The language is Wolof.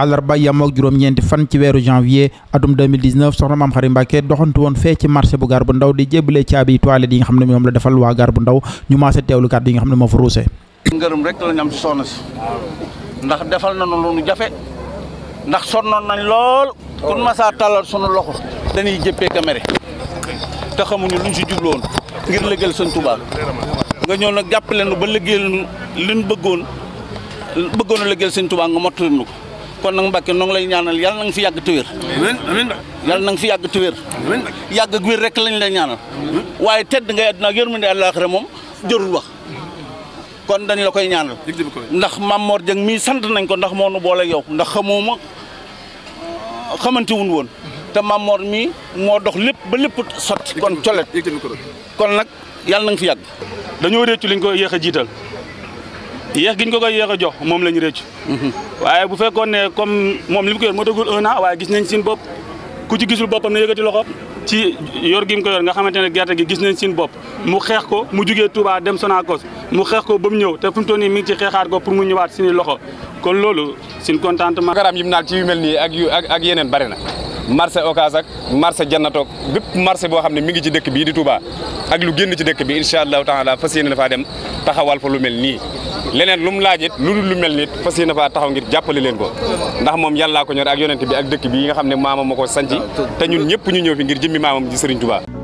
alarba yam ak juroom ñent fan ci wéru janvier atum 2019 soxna mam xari Mbàkke doxantu won fe ci marché bu garbu ndaw di ci abi toilette yi nga xamné mom la defal wa garbu ndaw ñu ma sa teewlu kat yi nga xamné mo fa ruusee ngeerum rek la ñam ci sonna soxna ndax defal na lu ñu jafé ndax sonnon nañ lool kun sa talal sunu loxo dañuy jëppee caméra te xamuñu luñ ci djubloon ngir leggel sëñ touba nga ñoo nak jàppale nu ba leggel luñ bëggoon bëggoon leggel liggéeyal sëñ Tuubaa nga motul nu kon nag Mbacke noo ngi lay ñaanal yàlla na nga fi yàgg te wér yàlla na nga fi yàgg te wér yàgg ak rek lañ lay ñaanal waaye tedd ngay àddina ak yërmande àllaaxira moom wax kon dañ la koy ñaanal ndax Mamor Dieng mi sant nañ ko ndax moo nu boole yow ndax xamuma xamante wuñ te Mamor mi ngodok dox lépp ba lépp kon colet kon nag yàlla na nga fi yàgg dañoo réccu liñ ko yéex giñ ko koy yéex a jox moom la ñu rëcc waaye bu fekkoon ne comme moom li mu ko yor moo tagul un waaye gis nañ seen bopp ku ci gisul boppam na yëkkati loxo ci yor gi ko yor nga xamante ne gerte gi gis nañ seen bopp mu xeex ko mu jugee Touba dem Sonacos mu xeex ko ba mu ñëw te fu mu toll nii mi ngi ci xeexaat ko pour mu ñëwaat suñu loxo kon loolu suñu contentement. programme yi mu naan ci yu mel nii ak yu ak yeneen bari na. marché Ocass ak marché Jannatoog bépp marché boo xam ne mi ngi ci dëkk bii di tuba ak lu génn ci dëkk bi incha allahu taala fas yéene dafaa dem taxawal fa lu mel nii leneen lu mu laajit lu dul lu mel nit fas yéene faa taxaw ngir jàppale leen ko ndax moom yàllaa ko ñor ak yonent bi ak dëkk bi yi nga xam ne maamam ko sanc te ñun ñëpp ñu ñëw fi ngir jëmmi maamam ji Serigne